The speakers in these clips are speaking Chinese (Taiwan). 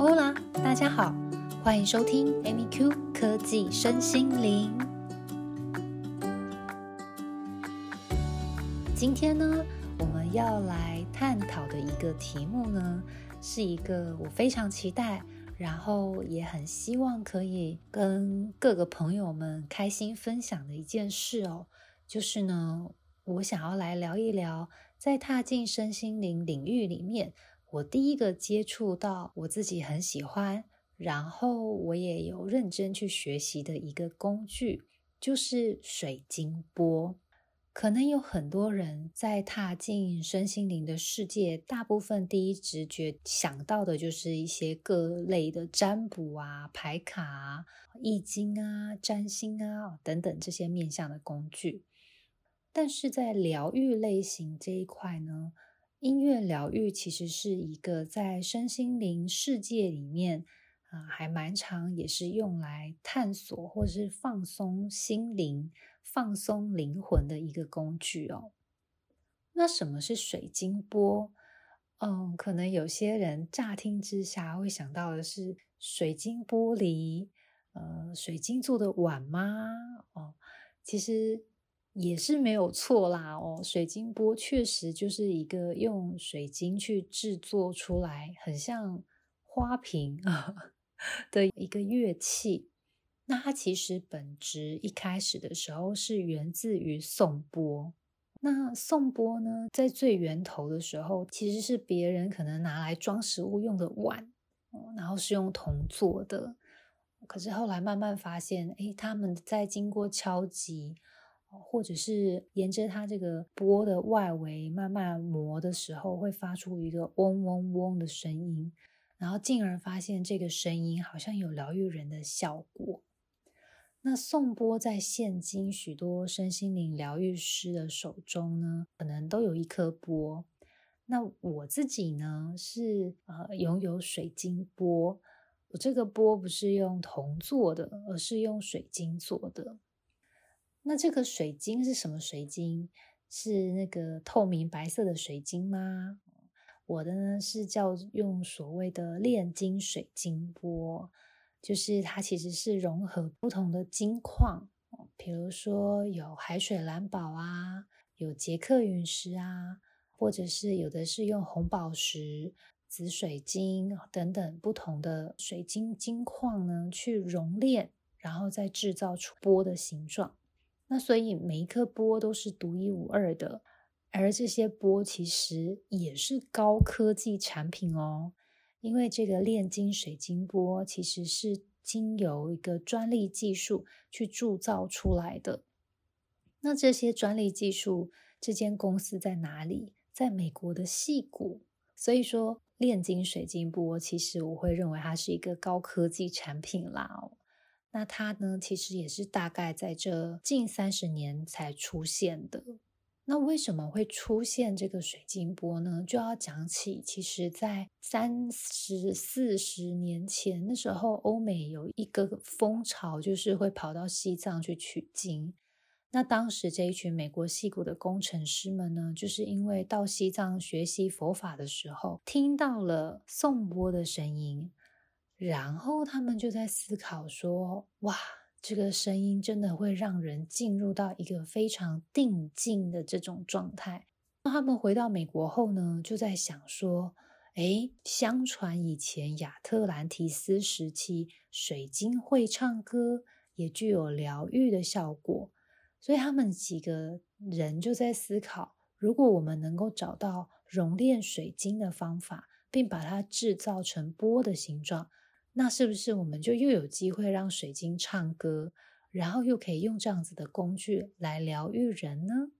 Hola，大家好，歡迎收聽 AmyQ 科技身心靈。今天呢，我們要來探討的一個題目呢，是一個我非常期待，然後也很希望可以跟各個朋友們開心分享的一件事哦，就是呢，我想要來聊一聊，在踏進身心靈領域裡面。我第一個接觸到我自己很喜歡，然後我也有認真去學習的一個工具，就是水晶缽。可能有很多人在踏進身心靈的世界，大部分第一直覺想到的就是一些各類的占卜啊、牌卡啊、易經啊、占星啊等等這些面向的工具，但是在療癒類型這一塊呢，音樂療癒其實是一個在身心靈世界裡面，啊、呃，還蠻常也是用來探索或是放鬆心靈、放鬆靈魂的一個工具哦。那什麼是水晶缽？嗯，可能有些人乍聽之下會想到的是水晶玻璃，呃，水晶做的碗嗎？哦，其實。也是沒有錯啦哦，水晶缽確實就是一個用水晶去製作出來，很像花瓶啊，的一個樂器。那它其實本質一開始的時候是源自於頌缽，那頌缽呢，在最源頭的時候其實是別人可能拿來裝食物用的碗，然後是用銅做的。可是後來慢慢發現，誒，他們在經過敲擊。或者是沿着它這個缽的外圍慢慢磨的時候，會發出一個嗡嗡嗡的聲音，然後進而發現這個聲音好像有療癒人的效果。那頌缽在現今許多身心靈療癒師的手中呢，可能都有一顆缽。那我自己呢，是呃擁有水晶缽。我這個缽不是用銅做的，而是用水晶做的。那這個水晶是什麼水晶？是那個透明白色的水晶嗎？我的呢，是叫用所謂的煉金水晶缽，就是它其實是融合不同的金礦，比如說有海水藍寶啊，有捷克隕石啊，或者是有的是用紅寶石、紫水晶等等不同的水晶金礦呢去熔煉，然後再製造出缽的形狀。那所以每一顆缽都是獨一無二的，而這些缽其實也是高科技產品哦，因為這個煉金水晶缽其實是經由一個專利技術去鑄造出來的。那這些專利技術，這間公司在哪裡？在美國的矽谷。所以說，煉金水晶缽其實我會認為它是一個高科技產品啦。那它呢，其實也是大概在這近三十年才出現的。那為什麼會出現這個水晶缽呢？就要講起，其實，在三十四十年前，那時候歐美有一個風潮，就是會跑到西藏去取經。那當時這一群美國矽谷的工程師們呢，就是因為到西藏學習佛法的時候，聽到了頌缽的聲音。然後他們就在思考說：“哇，這個聲音真的會讓人進入到一個非常定靜的這種狀態。”那他們回到美國後呢，就在想說：“哎，相傳以前亞特蘭提斯時期，水晶會唱歌，也具有療癒的效果。”所以他們幾個人就在思考：如果我們能夠找到熔煉水晶的方法，並把它制造成缽的形狀。那是不是我們就又有機會讓水晶唱歌，然後又可以用這樣子的工具來療癒人呢？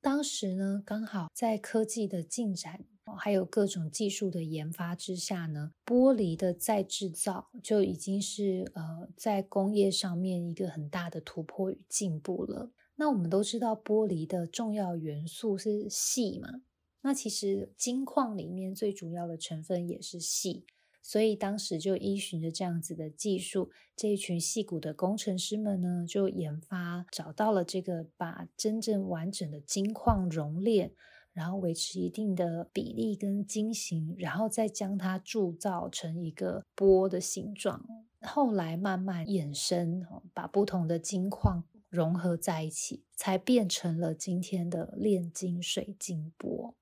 當時呢，剛好在科技的進展，還有各種技術的研發之下呢，玻璃的再制造就已經是呃在工業上面一個很大的突破與進步了。那我們都知道，玻璃的重要元素是矽嘛，那其實金礦裡面最主要的成分也是矽。所以當時就依循着這樣子的技術，這一群矽谷的工程師們呢，就研發找到了這個把真正完整的金礦熔煉，然後維持一定的比例跟晶型，然後再將它鑄造成一個缽的形狀。後來慢慢衍生，把不同的金礦融合在一起，才變成了今天的煉金水晶缽。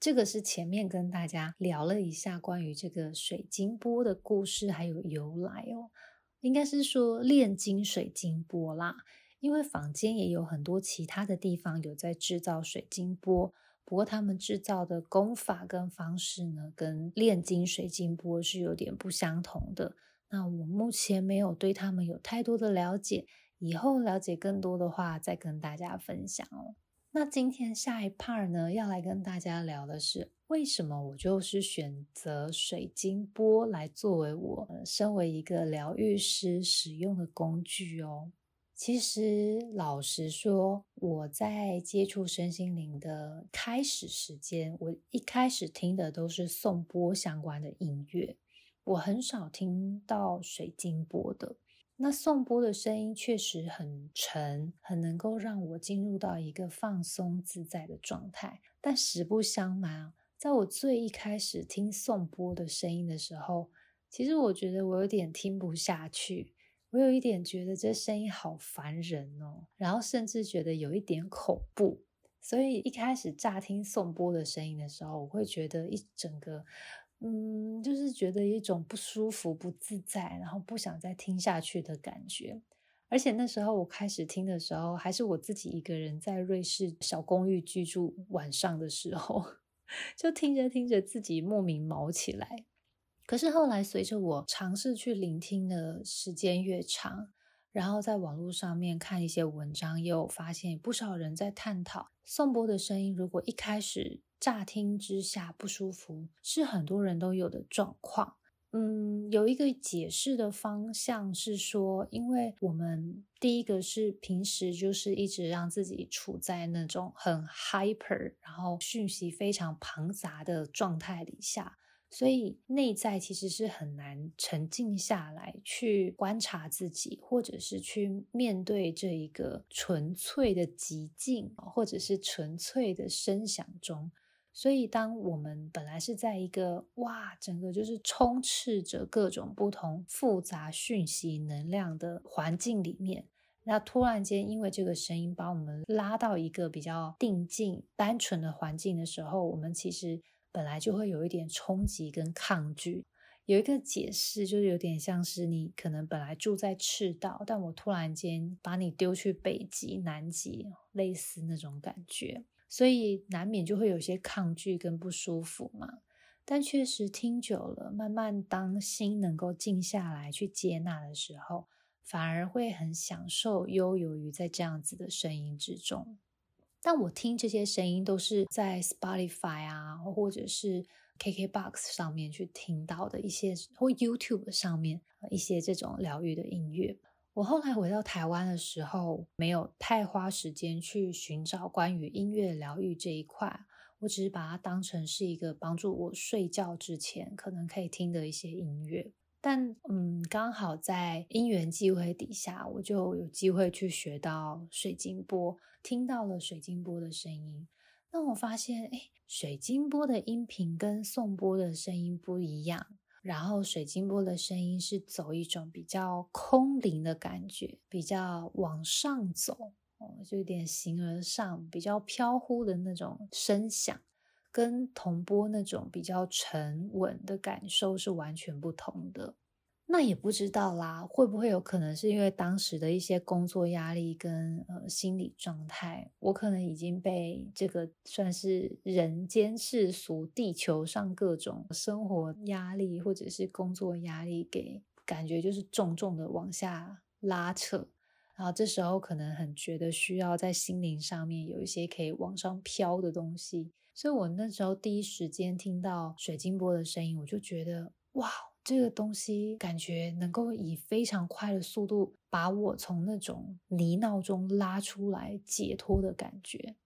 這個是前面跟大家聊了一下關於這個水晶缽的故事還有由來哦，應該是說煉金水晶缽啦，因為坊間也有很多其他的地方有在製造水晶缽，不過他們製造的功法跟方式呢，跟煉金水晶缽是有點不相同的。那我目前沒有對他們有太多的了解，以後了解更多的話再跟大家分享哦。那今天下一 part 呢，要來跟大家聊的是，為什麼我就是選擇水晶缽來作為我身為一個療癒師使用的工具哦。其實老實說，我在接觸身心靈的開始時間，我一開始聽的都是頌缽相關的音樂，我很少聽到水晶缽的。那頌缽的聲音確實很沉，很能夠讓我進入到一個放鬆自在的狀態。但實不相瞞，在我最一開始聽頌缽的聲音的時候，其實我覺得我有點聽不下去，我有一點覺得這聲音好煩人哦，然後甚至覺得有一點恐怖。所以一開始乍聽頌缽的聲音的時候，我會覺得一整個。嗯，就是覺得一種不舒服、不自在，然後不想再聽下去的感覺。而且那時候我開始聽的時候，還是我自己一個人在瑞士小公寓居住，晚上的時候就聽着聽着自己莫名毛起來。可是後來隨着我嘗試去聆聽的時間越長，然後在網絡上面看一些文章，又發現不少人在探討頌缽的聲音，如果一開始。乍聽之下不舒服，是很多人都有的狀況。嗯，有一個解釋的方向是說，因為我們第一個是平時就是一直讓自己處在那種很 hyper，然後訊息非常龐雜的狀態底下，所以內在其實是很難沉靜下來去觀察自己，或者是去面對這一個純粹的寂靜，或者是純粹的聲響中。所以，當我們本來是在一個哇，整個就是充斥着各種不同複雜訊息、能量的環境裡面，那突然間因為這個聲音把我們拉到一個比較定靜、單純的環境的時候，我們其實本來就會有一點衝擊跟抗拒。有一個解釋，就是有點像是你可能本來住在赤道，但我突然間把你丟去北極、南極，類似那種感覺。所以難免就會有些抗拒跟不舒服嘛，但確實聽久了，慢慢當心能夠靜下來去接納的時候，反而會很享受悠游於在這樣子的聲音之中。但我聽這些聲音都是在 Spotify 啊，或者是 KKBox 上面去聽到的一些，或 YouTube 上面一些這種療癒的音樂。我後來回到台灣的時候，沒有太花時間去尋找關於音樂療癒這一塊，我只是把它當成是一個幫助我睡覺之前可能可以聽的一些音樂。但嗯，剛好在因緣際會底下，我就有機會去學到水晶缽，聽到了水晶缽的聲音，那我發現，哎，水晶缽的音頻跟頌缽的聲音不一樣。然後水晶缽的聲音是走一種比較空靈的感覺，比較往上走，哦，就有點形而上，比較飄忽的那種聲響，跟銅缽那種比較沉穩的感受是完全不同的。那也不知道啦，會不會有可能是因為當時的一些工作壓力跟呃心理狀態，我可能已經被這個算是人間世俗、地球上各種生活壓力或者是工作壓力給感覺就是重重的往下拉扯，然後這時候可能很覺得需要在心靈上面有一些可以往上飄的東西，所以我那時候第一時間聽到水晶缽的聲音，我就覺得哇。這個東西感覺能夠以非常快的速度把我從那種泥淖中拉出來解脫的感覺，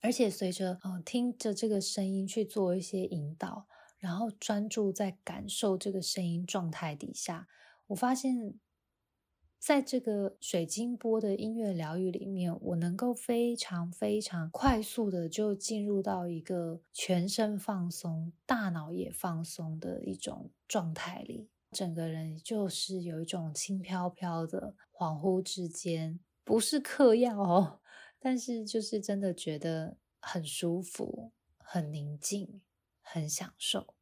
而且隨着嗯聽着這個聲音去做一些引導，然後專注在感受這個聲音狀態底下，我發現。在這個水晶缽的音樂療癒裡面，我能夠非常非常快速的就進入到一個全身放鬆、大腦也放鬆的一種狀態裡，整個人就是有一種輕飄飄的恍惚之間，不是嗑藥哦，但是就是真的覺得很舒服、很寧靜、很享受。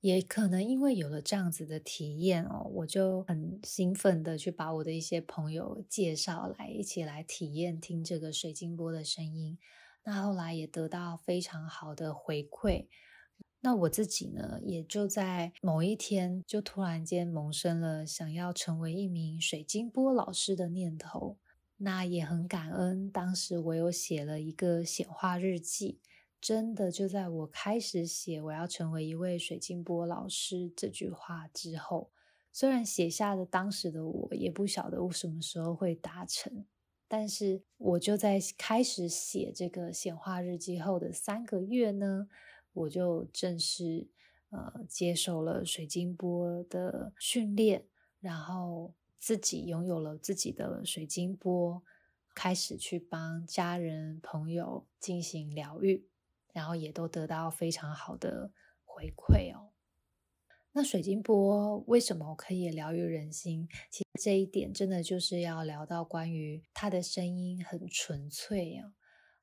也可能因為有了這樣子的體驗哦，我就很興奮的去把我的一些朋友介紹來一起來體驗聽這個水晶缽的聲音。那後來也得到非常好的回饋。那我自己呢，也就在某一天就突然間萌生了想要成為一名水晶缽老師的念頭。那也很感恩，當時我有寫了一個顯化日記。真的就在我開始寫“我要成為一位水晶缽老師”這句話之後，雖然寫下的當時的我也不曉得我什麼時候會達成，但是我就在開始寫這個顯化日記後的三個月呢，我就正式呃接受了水晶缽的訓練，然後自己擁有了自己的水晶缽，開始去幫家人朋友進行療癒。然後也都得到非常好的回饋哦。那水晶缽為什麼可以療癒人心？其實這一點真的就是要聊到關於它的聲音很純粹啊。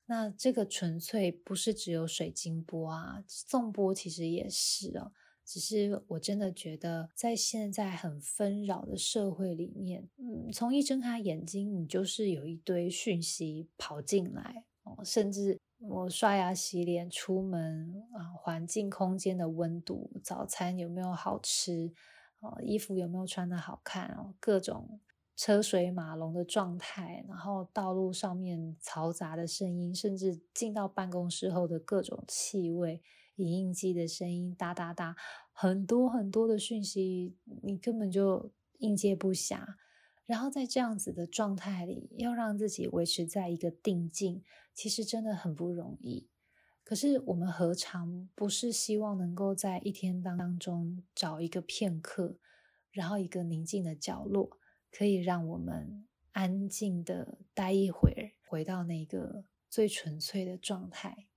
那這個純粹不是只有水晶缽啊，頌缽其實也是哦、啊。只是我真的覺得，在現在很紛擾的社會裡面，嗯，從一睜開眼睛，你就是有一堆訊息跑進來。甚至我刷牙、洗臉、出門啊，環境空間的溫度，早餐有沒有好吃，哦、啊，衣服有沒有穿得好看，啊，各種車水馬龍的狀態，然後道路上面嘈雜的聲音，甚至進到辦公室後的各種氣味，影印機的聲音噠噠噠，很多很多的訊息，你根本就應接不暇。然後在這樣子的狀態裡，要讓自己維持在一個定靜，其實真的很不容易。可是我們何嘗不是希望能夠在一天當當中找一個片刻，然後一個寧靜的角落，可以讓我們安靜的待一會兒，回到那個最純粹的狀態。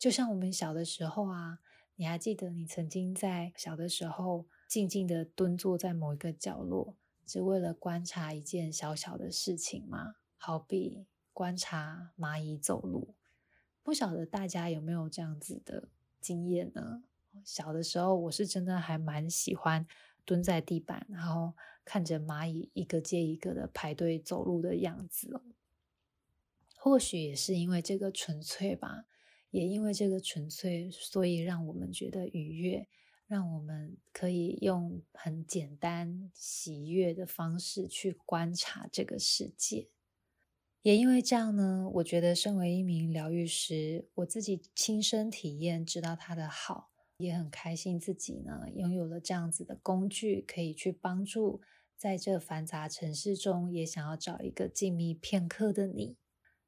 就像我們小的時候啊，你還記得你曾經在小的時候靜靜的蹲坐在某一個角落，只為了觀察一件小小的事情嘛，好比觀察螞蟻走路，不曉得大家有沒有這樣子的經驗呢？小的時候，我是真的還蠻喜歡蹲在地板，然後看着螞蟻一個接一個的排隊走路的樣子。或許也是因為這個純粹吧，也因為這個純粹，所以讓我們覺得愉悅。讓我們可以用很簡單、喜悅的方式去觀察這個世界。也因為這樣呢，我覺得身為一名療癒師，我自己親身體驗，知道他的好，也很開心自己呢擁有了這樣子的工具，可以去幫助在這繁雜城市中也想要找一個靜謐片刻的你。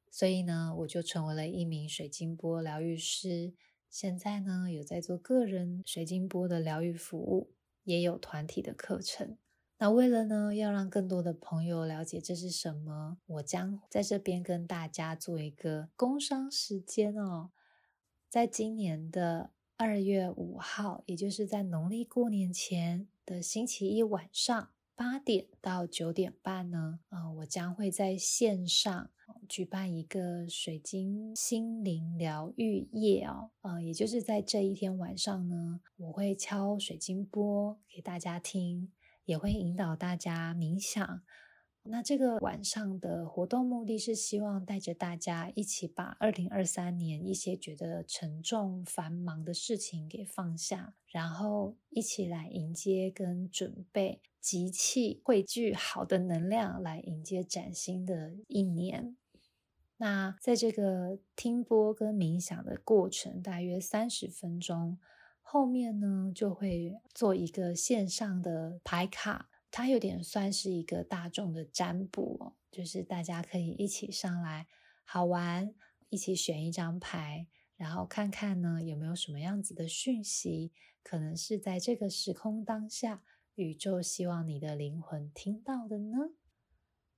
所以呢，我就成為了一名水晶缽療癒師。現在呢，有在做個人水晶缽的療癒服務，也有團體的課程。那為了呢，要讓更多的朋友了解這是什麼，我將在這邊跟大家做一個工商時間哦，在今年的二月五號，也就是在農曆過年前的星期一晚上。八點到九點半呢，呃、我將會在線上舉辦一個水晶心靈療癒夜，哦、呃，也就是在這一天晚上呢，我會敲水晶缽給大家聽，也會引導大家冥想。那這個晚上的活動目的是希望帶着大家一起把二零二三年一些覺得沉重繁忙的事情給放下，然後一起來迎接跟準備集氣匯聚好的能量來迎接嶄新的一年。那在這個聽缽跟冥想的過程，大約三十分鐘，後面呢就會做一個線上的牌卡。它有點算是一個大眾的占卜，就是大家可以一起上來，好玩，一起選一張牌，然後看看呢有沒有什麼樣子的訊息，可能是在這個時空當下，宇宙希望你的靈魂聽到的呢。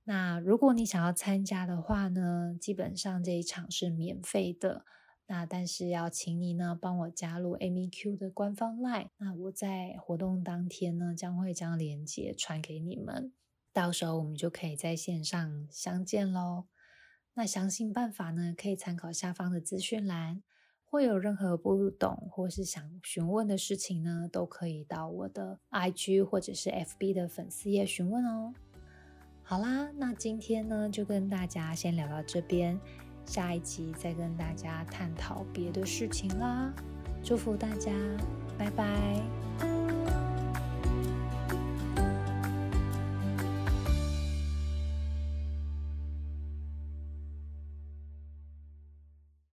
那如果你想要參加的話呢，基本上這一場是免費的。那但是要請你呢幫我加入 AmyQ 的官方 LINE，那我在活動當天呢將會將鏈接傳給你們，到時候我們就可以在線上相見嘍。那詳細辦法呢可以參考下方的資訊欄，或有任何不懂或是想詢問的事情呢都可以到我的 IG 或者是 FB 的粉絲頁詢問哦。好啦，那今天呢就跟大家先聊到這邊。下一集再跟大家探討別的事情啦，祝福大家，拜拜。